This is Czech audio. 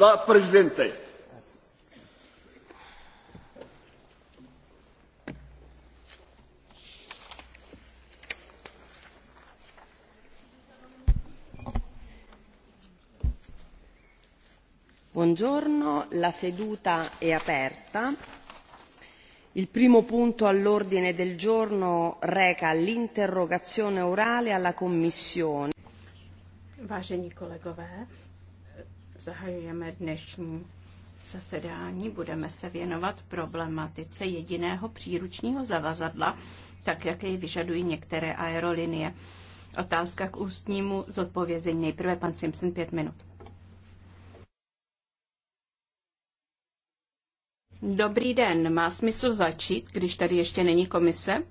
la Presidente. Buongiorno, la seduta è aperta. Il primo punto all'ordine del giorno reca l'interrogazione orale alla Commissione. Vážení kolegové, Zahajujeme dnešní zasedání. Budeme se věnovat problematice jediného příručního zavazadla, tak jak jej vyžadují některé aerolinie. Otázka k ústnímu zodpovězení. Nejprve pan Simpson pět minut. Dobrý den. Má smysl začít, když tady ještě není komise?